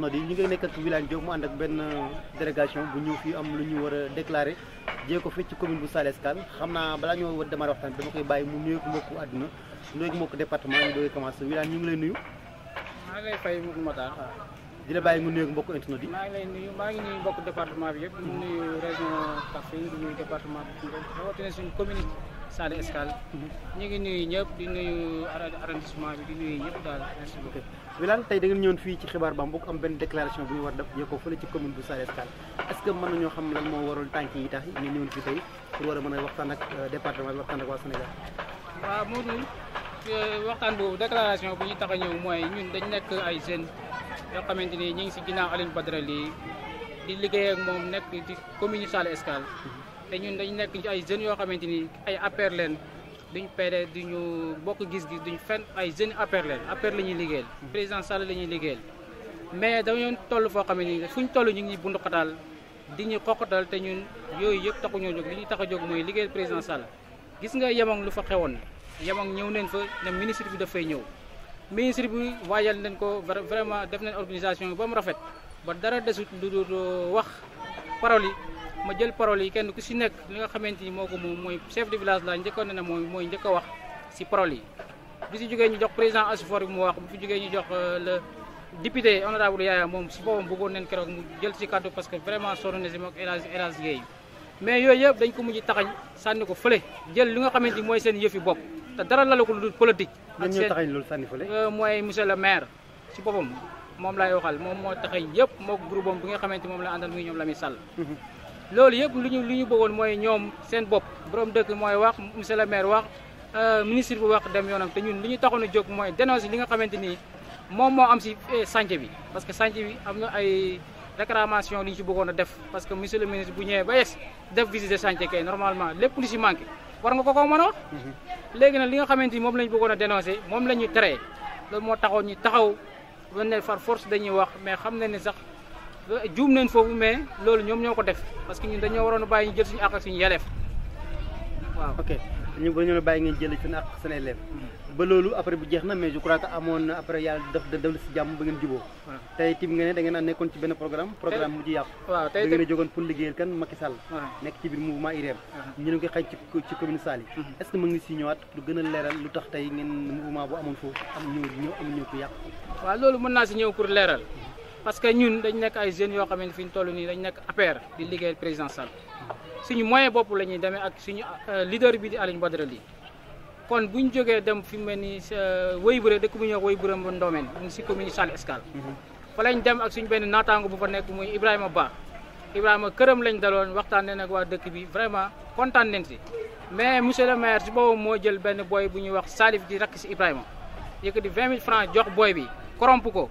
no di ñu ngi nekk ak Wilane mu ànd ak benn euh, délégation bu ñëw fii am lu ñu war a déclaré jée ko fii ci commune bu Saly Escale xam naa balaa ñoo war démarrer waxtaan dama koy bàyyi mu nuyu ko mbokku àdduna nuyu ko mbokku département ñu doog commencé Wilane ñu ngi lay nuyu maa ngi lay fay Moussa Matar ah. di bàyyi mu nuyu ak mbokku internet yi maa ngi lay nuyu maa ngi nuyu bi yëpp ñu nuyu région Kaffrine di nuyu Saly Escale ñu ngi nuyu ñëpp di nuyu arrondissement bi di nuyu ñëpp daal merci beaucoup Wilane da ngeen ñëwoon fii ci xibaar Bambouk am benn déclaration bu ñu war def yëkkoo ya fële ci commune bu Saly Escale est-ce que mën xam lan moo warul tànk yi tax ñu ñëwoon fii tey pour war a mën a waxtaan ak euh, département waxtaan ak waa Sénégal waaw Modou euh, waxtaan boobu déclaration bu ñu tax a ñëw mooy ñun dañ nekk ay jeunes yoo xamante ni ñu ngi si ginnaaw Alioune Badara Ly di liggéey ak moom nekk commune Escale mhm. te ñun dañu nekk ci ay jeunes yoo xamante ni ay APR leen duñ PD duñu bokk gis-gis duñ fenn ay jeunes APR leen APR la ñuy liggéeyal. président Sall la ñuy liggéeyal mais dañoo toll foo xam fu ñu toll ñu ngi bundu xataal di ñu xoqatal te ñun yooyu yëpp taxuñoo jóg li ñuy tax a jóg mooy liggéeyal président Sall gis nga yemam lu fa xewoon yemam ñëw neen fa ne ministre bi dafay ñëw. ministre bi waajal nañ ko vraiment def nañ organisation ba mu rafet ba dara desut lu dul euh, wax parole ma jël parole yi kenn ku si nekk li nga xamante ni moo ko moom mooy chef de village laa njëkkoon ne ne mooy mooy njëkk a wax si parole yi bi si jógee ñu jox président Asifor bi mu wax bu fi jógee ñu jox euh, le Yaaya moom si boppam bëggoon nañ keroog mu jël si kaddu parce que vraiment sonn na si moom élage élage Guèye mais yooyu yëpp dañ ko mujj taxañ sànni ko fële jël li nga xamante ni mooy seen yëfi bopp te dara la ko lu dul politique ak seen euh, mooy monsieur le maire si boppam moom laay waxal moom moo taxañ yëpp moo groupam bi nga xamante moom la àndal mu ngi ñoom la muy sàll mm-hmm. loolu yëpp lu ñu lu ñu bëggoon mooy ñoom seen bopp borom dëkk mooy wax monsieur le maire wax euh, ministre bu wax dem yoonam te ñun li ñu taxoon a jóg mooy dénoncer li nga xamante ni moom moo am si eh, chantier bi. parce que chantier bi am na ay réclamation li ñu si bëggoon a def parce que monsieur le ministre bu ñëwee ba yes def visite de chantier normalement lépp lu si manqué war nga ko koo mën a mhm. léegi nag li nga xamante ni moom la ñu bëggoon a dénoncer moom la ñuy tere loolu moo taxoon ñu taxaw ba far force dañuy wax mais xam na ne sax. juum nañ fofu mais loolu ñom ñoko def parce que ñun dañoo waroon bayyi ñu jël suñu ak suñu yelef waaw ok ñu bu ñu bayyi ngeen jël seen àq suñu yelef hmm. ba loolu après bu jeex na mais je crois que amone après yalla def de def ci jamm ba ngeen juboo tay tim nga ne da ngeen a nekkoon ci ben programme programme mu mujj yàqu waaw tay ngeen jogon pour liguel kan Macky Sall nek ci bir mouvement IREM ñu ngi ko ci ci commune Sali hmm. est ce que ma ngi si ñëwaat lu gëna a lu tax tay ngeen mouvement bu amone fofu am ñëw ñëw am ñëw ko yàqu waaw loolu mën naa si ñëw pour leeral parce que ñun dañ nek ay jeunes yo xam fiñ tollu ni dañ nek APR di liggéeyal présidentiel suñu moyen bop la ñuy demee ak suñu euh, leader bi di Aliou Badara li kon buñ joggé dem fi mu mel ni euh, Weyburé dëkk bu ñuy wax Weyburé bu Ndoomeen mu si commune Saly Escale mhm. fa lañ dem ak suñu ben natangu bu fa nek muy Ibrahima Ba Ibrahima kërëm lañ daloon waxtaan né nak wa dekk bi vraiment kontaan nañ ci mais monsieur le maire ci bawo mo jël ben boy bu ñuy wax Salif di rakk ci Ibrahima yëkëti 20000 francs jox boy bi korompu ko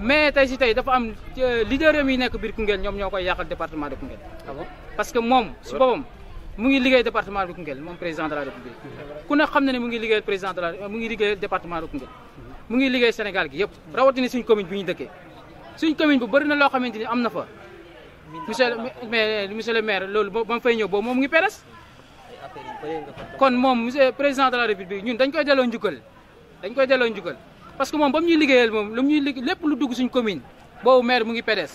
mais tey si tey dafa am euh, leader yi nekk biir Koungheul ñoom ñoo koy yàqal département de Koungheul. Ah parce que moom si boppam mu ngi liggéey département de Koungheul moom président de ku ne xam na ne mu ngi liggéey président de la mu ngi liggéey département de Koungheul. Mhm. mu ngi liggéey Sénégal gi yëpp rawatina suñ commune bi ñu dëkkee suñ commune bu bëri na loo xamante ni am na fa. monsieur mais monsieur le maire loolu ba mu fay ñëw boobu moom mu ngi peres. kon moom monsieur président de la République ñun dañ koy delloo njukal dañ koy delloo njukkal. parce que moom ba mu ñuy liggéeyal moom lu dugg suñ commune boobu maire mu ngi PDS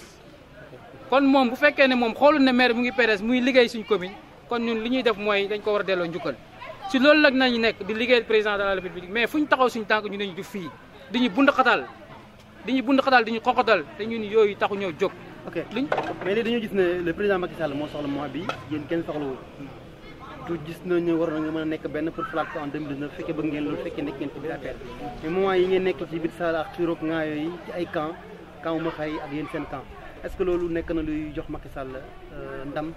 kon moom bu fekkee ne maire mu ngi PDS muy liggéey suñ commune kon ñun li def mooy dañ ko a si loolu nag nañu di liggéeyal président de la république mais fu ñu taxaw suñ tànk ñu neñu du fii diñu bund xatal diñu bund xatal te ñun taxu ñoo mais gis le président Macky Sall moo soxla mois bi yéen kenn soxla du gis nañ ne war na nga mën a nekk benn pour falaat ko en 2019 fekkee bëgg ngeen loolu fekkee nekk ngeen ci biir affaire mais moment yi ngeen nekk ci biir Sall ak Turoog ngaa yooyu ci ay camp camp ma xëy ak yéen seen camp est-ce que loolu nekk na luy jox Macky Sall euh, ndam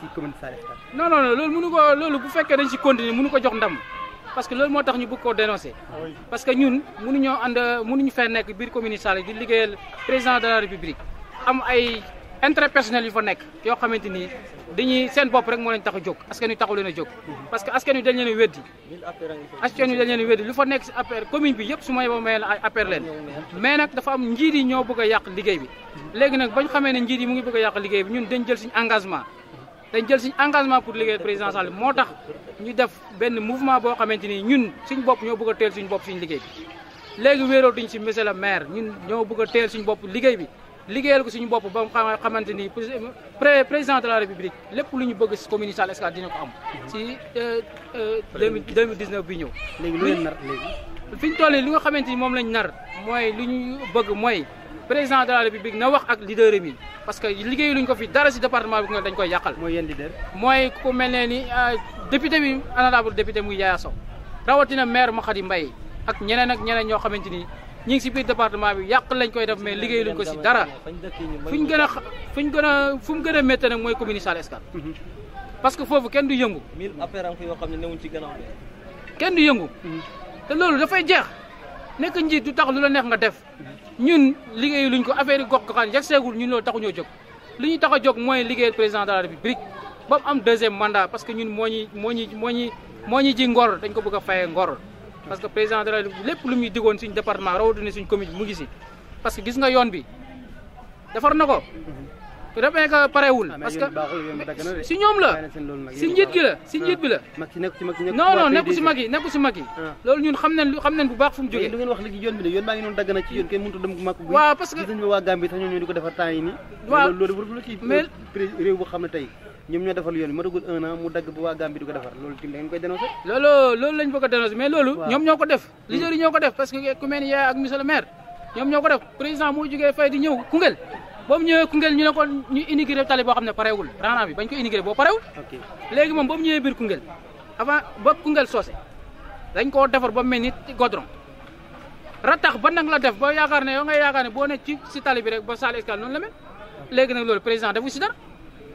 si commune Sarefta non non non loolu mënu ko loolu bu fekkee dañ si continuer mënu ko jox ndam parce que loolu moo tax ñu bëgg koo dénoncer parce que ñun mënuñoo ànd mënuñu fee nekk biir commune Sall di liggéeyal président de la république am ay intérêt personnel yu fa nekk yoo xamante ni dañuy seen bopp rek moo leen tax a jóg askan wi taxu leen a jóg parce que askan wi dañ leen a weddi askan wi dañ leen lu fa nekk si APR commune bi yëpp su ma yeboo may la APR leen mais dafa am njiit yi ñoo bëgg a yàq liggéey bi léegi nag bañ xamee ne njiit yi mu ngi bëgg a yàq liggéey bi ñun dañ jël suñu engagement dañ jël suñu engagement pour liggéey président Sall moo tax ñu def benn mouvement boo xamante ni ñun suñu bopp ñoo bëgg teel suñu bopp suñu liggéey bi léegi wéerootuñ si monsieur maire ñun ñoo bëgg a suñu bopp liggéey bi liggéeyal ko suñu bopp ba nga xamante ni président de la république lépp lu ñu bëgg si commune Saly Escale dina ko am. si euh, euh, deux mille dix neuf bi ñëw. léegi lu leen nar léegi. fi ñu toll li nga xamante ni moom lañ nar mooy lu ñu bëgg mooy président de la république na wax ak leader yi parce que liggéey lu luñ ko fi dara si département bi dañ koy yàqal. mooy yéen leader. mooy ku mel ne ni euh, député bi honorable député muy Yaya Sow rawatina maire Makhady Mbaye ak ñeneen ak ñeneen ñoo xamante ni. ñi ngi si biir département bi yàq lañ koy def mais liggéey luñ ko si dara fu ñu gën a fu gën a fu mu gën a métti nag mooy commune Saly Escale parce foofu kenn du yëngu. mille affaires yoo xam ne newuñ ci kenn du yëngu. te loolu dafay jeex nekk njiit du tax lu la neex nga def ñun liggéey luñ ko affaire yi gox goxaan yegg seegul ñu loolu taxuñoo jóg. lu ñu tax a jóg mooy liggéeyal président de bi république ba mu am deuxième mandat parce que ñun moo ñuy moo ñuy moo ñuy moo ñuy ji ngor dañ ko bëgg a fayee ngor. parce que président de la lépp lu muy digoon suñ département rawatina suñ commune mu ngi si parce que gis nga yoon bi defar na ko. Mhm. dafay que parewul ah, parce que si ñoom la si njiit gi la si njiit bi la. Ah, non non nekku si mag nekku si mag yi. Ah. ñun xam nañ bu baax fu mu jógee. yoon bi de yoon baa ngi noonu dagg ci yoon kay mënut a dem mag. waaw parce que gis nañu waa Gambie sax ñoom ñoo di ko defar temps yi nii. waaw loolu loolu kii réew boo xam ne tey ñoom ñoo defal yoon matagul un an mu dagg bu waa Gambie du ko defar loolu tim da ngeen koy juga loolu loolu lañ bëgg a mais loolu ñoom ñoo def mm. leader yi ñoo def parce que ku mel ni yaa ak monsieur le maire ñoom ñoo def président mu jógee fay di ñëw kungel, ba mu kungel ñu ne ko ñu inauguré tali boo xam ne rana bi bañ ko inauguré boo pareewul léegi moom ba mu ñëwee biir kungel avant ba Koungheul soosé dañ koo defar ba mel godron ratax ba la def ba yaakaar ne yow ngay yaakaar ne boo ne ci si tali bi rek ba salle escale la mel président defu dara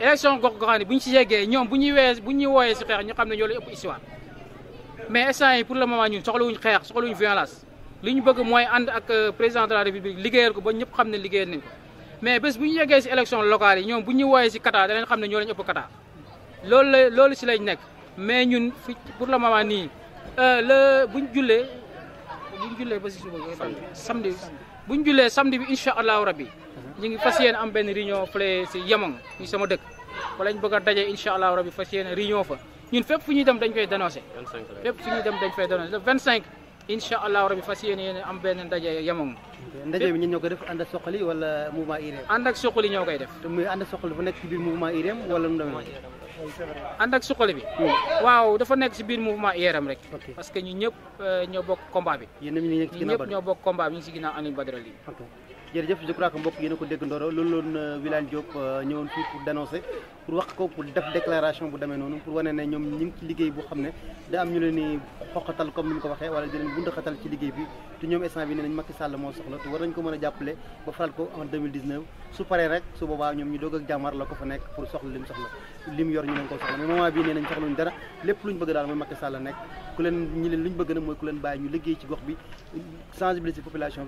élection gox goxaan yi bu ci yeggee ñom buñ ñuy wees bu ñuy wooyee si xeex ñu xamné ne ñoo lay ëpp histoire mais instant yi pour le moment ñun wuñ soxlawuñ xeex wuñ violence li bëgg moy and ak euh, président de la république liggéeyal ko ba ñëpp xamné ne liggéeyal nañ ko mais bës buñ ñu ci élection locale yi ñoom bu ñuy wooyee si Qatar danañ xam ne ñoo lañ ëpp kata loolu loolu ci lañ nekk mais ñun fi pour le moment euh le buñ jullee buñ jullee ba ci suba samedi bu ñu jullee samedi bi incha allahu rabbi ñu ngi fas yéene am benn réunion fële si Yamang sama dëkk wala ñu bëgg a daje incha allahu rabbi fas yéene réunion fa ñun fépp fu ñuy dem dañ koy dénoncé fépp fu ñuy dem dañ fay dénoncé le 25 incha allahu rabbi fas yéene yéene am benn ndaje Yamang ndaje bi ñun ñoo koy def ànd ak soxali wala mouvement IREM ànd ak soxali ñoo koy def muy ànd ak soxali bu nekk ci biir mouvement IREM wala mu ànd ak suqali bi. Hmm. waaw dafa nekk si biir mouvement IRM rek. parce que ñu ñëpp euh, ñoo bokk combat bi. yéen ñëpp ñoo bokk combat bi ñu si ginnaaw Alioune Badara jërëjëf je crois que mbokk yéen a ko dégg ndoro loolu loon euh, Wilane Diop euh, dénoncer pour wax ko pour def déclaration bu demee noonu pour wane ne ñoom ñu ci liggéey bu xam ne da am ñu leen ni xoqatal comme ni mu ko waxee wala di leen bundaxatal ci liggéey ne nañ ko mën a jàppale ba faral ko en 2019 su soxla lim soxla lim yor ñu leen ko soxla mais moment bii nee nañ soxluñ dara lépp luñ bëgg daal mooy Macky Sall nekk ku leen ñi leen luñ bëgg nag mooy ku leen bàyyi ñu liggéey ci gox bi sensibiliser population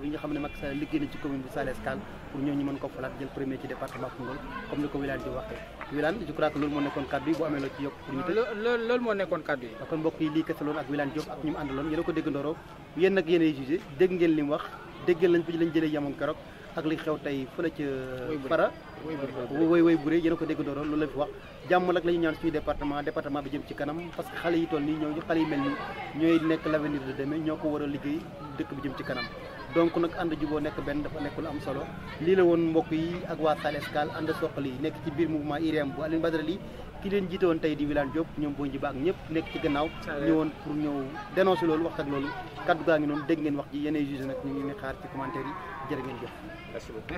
Salès Kane pour ñooñu mën ko falaat jël premier ci département Koungheul comme ni ko Wilane di waxee Wilane je crois que loolu moo nekkoon kaddu yi boo amee loo ci yokk pour loolu moo nekkoon kaddu yi kon mbokk yi lii kese loon ak Wilane Diop ak ñu loolu la fi wax département département bi jëm ci kanam parce que xale yi toll nii ñoo xale yi mel nii ñooy nekk l'avenir de ñoo ko war a liggéey dëkk bi jëm ci kanam donc nag ànd juboo nekk benn dafa nekk lu am solo lii la woon mbokk yi ak waa Saly Escale ànd soqali yi nekk ci biir mouvement IREM bu Alioune Badara Ly ki leen jiite woon tey di Wilane Diop ñoom boo jiba ak ñëpp nekk ci gannaaw ñëwoon pour ñëw dénoncer loolu wax loolu kaddu gaa ngi noonu dégg ngeen wax ji yeneen juge nag ñu ngi xaar ci commentaire yi jërë ngeen jëf